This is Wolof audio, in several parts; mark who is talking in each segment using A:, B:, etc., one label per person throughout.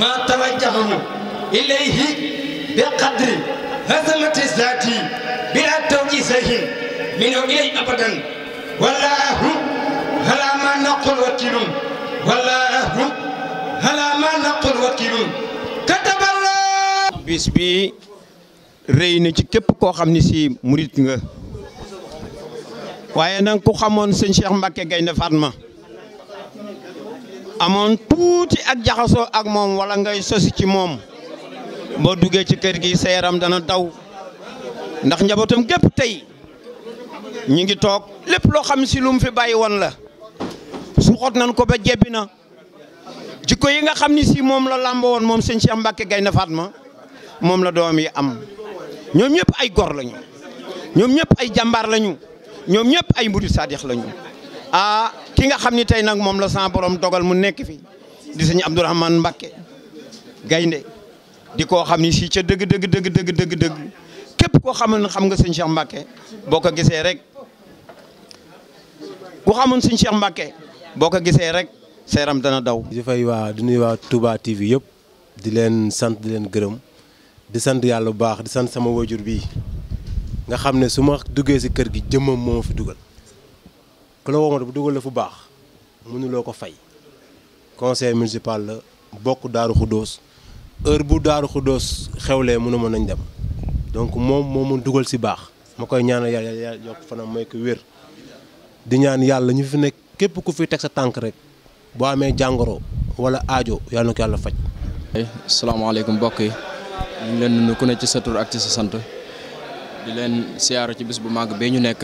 A: ما توجهه إليه بقدر هزمة الذات بلا توجيه منه إليه أبدا والله هلا ما نقول وكيل والله هلا ما نقول وكيل كتب الله بس بي rëy na ci képp koo xam ni si murit nga waaye nag ku xamoon sëñ Cheikh Mbacke Gaynde Fatma amoon tuuti ak jaxasoo ak moom wala ngay sosi ci moom boo duggee ci kër gi sa yaram dana daw ndax njabootam gépp tey ñu ngi toog lépp loo xam si lum fi bàyyi woon la su xot nañ ko ba jebbi na jikko yi nga xam ni si moom la làmb woon moom sëñ Cheikh Mbacke Gaynde Fatma moom la doom yi am ñoom ñëpp ay gor lañu ñoom ñëpp ay jàmbaar lañu ñoom ñëpp ay murid saadix lañu ah ki nga xam ni tey nag moom la sa borom dogal mu nekk fi di sëñ Abdourahmane Mbacké gaynde di koo xam ni si ca dëgg dëgg dëgg dëgg képp koo xam ne xam nga sëñ Cheikh Mbacké boo ko gisee rek ku xamoon sëñ Cheikh boo ko gisee rek seeram dana daw.
B: di fay waa di nuyu waa Touba TV yëpp di leen sant di leen gërëm di sant yàlla bu baax di sant sama waajur bii nga xam ne su ma duggee si kër gi jëmmam moo fi dugal. ku la bu dugal la fu baax mënuloo ko fay conseil municipal la bokk Daaru Xuddoos heure bu Daaru Xuddoos xewlee mënu mën nañ dem donc moom moo mu dugal si baax ma koy ñaanal yàlla yàlla yokk fanam mooy ko wér di ñaan yàlla ñu fi nekk képp ku fi teg sa tànk rek boo amee jàngoro wala aajo yàlla na ko yàlla faj.
C: asalaamaaleykum mbokk yi ñu leen nuyu ku ne ci sa tur ak ci sa sant di leen siyaaru ci bis bu màgg bee ñu nekk.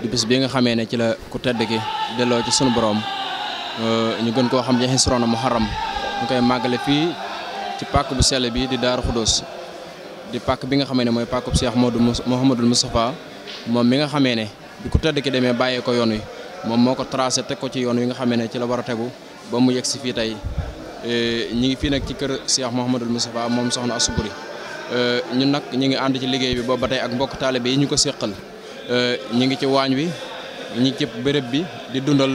C: di bis bi nga xamee ne ci la ku tedd ki delloo ci sunu borom euh, ñu gën koo xam ci Xisroona Muharram ñu koy màggale fii ci pàkk bu sell bi di Daaru Xudóos di pàkk bi nga xamee ne mooy pàkk bu Cheikh Modou Mouhamadul Moustapha moom mi nga xamee ne bi ku tedd ki demee bàyyee ko yoon wi moom moo ko tracé teg ko ci yoon wi nga xamee ne ci la war a tegu ba mu yegg si fii tey euh, ñi ngi fii nag ci kër Cheikh Mouhamadul Moustapha moom soxna Asuburi euh, ñun nag ñu ngi ànd ci liggéey bi boobu ba tey ak mbokk taalibe yi ñu ko séqal Euh, ñu ngi ci waañ wi ñi ngi bërëb bi di dundal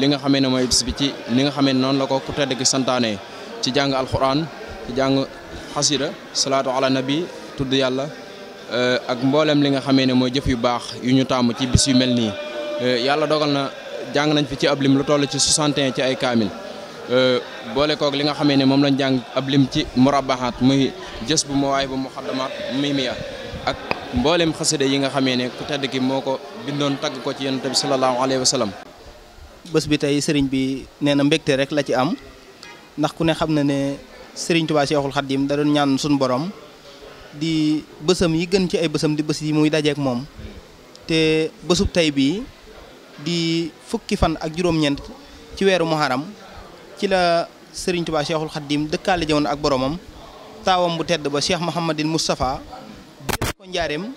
C: li nga xamee ne mooy bis bi ci ni nga xamee noonu la ko ku tedd ki santaane ci jàng alxuraan ci jàng xasida salaatu ala nabi tudd yàlla euh, ak mboolem li nga xamee ne mooy jëf yu baax yu ñu tàmm ci bis yu mel nii euh, yàlla dogal na jàng nañ fi ci ab lim lu toll ci 61 ci ay kaamil boole kook li nga xamee ne moom lañ jàng ab lim ci murabaxaat muy jës bu mawaay bu muxaddamaat mimiya ak mboolem xasida yi nga xamee ne ku tedd ki moo ko bindoon tagg ko ci yonent bi salallaahu alayhi wa
D: bés bi tey sëriñ bi nee na mbégte rek la ci am ndax ku ne xam na ne sëriñ Tuubaa Seexul Xadiim da doon ñaan suñu borom di bësam yi gën ci ay bësam di bës yi muy dajeek moom te bësub tey bii di fukki fan ak juróom ci weeru muharam ci la sëriñ Tuubaa Seexul Xadiim dëkkaale jamono ak boromam taawam bu tedd ba Cheikh Mouhamadin Moustapha ko njaareem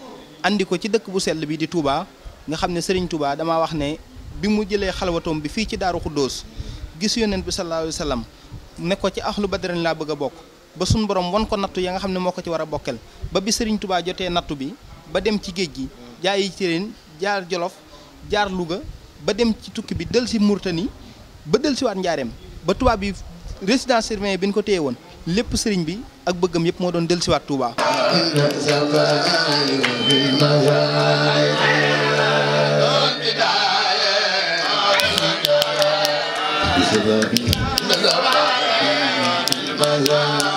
D: ko ci dëkk bu sell bi di Touba nga xam ne Serigne Touba damaa wax ne bi mu jëlee xalwatoom bi fii ci Daaru Xuddoos gis yonent bi sallallahu alayhi wa sallam ne ci ahlu badrin laa bëgg a bokk ba suñ borom wan ko nattu ya nga xam ne moo ko ci war a ba bi Serigne Touba jotee nattu bi ba dem ci géej gi jaayi cërin jaar Jolof jaar Louga ba dem ci tukki bi dël si ni ba dël si waat njaareem ba tubaab bi résidence surveillée bi ñu ko téye woon lépp sëriñ bi ak bëggam yëpp moo doon dellusiwaat Touba. Bismillah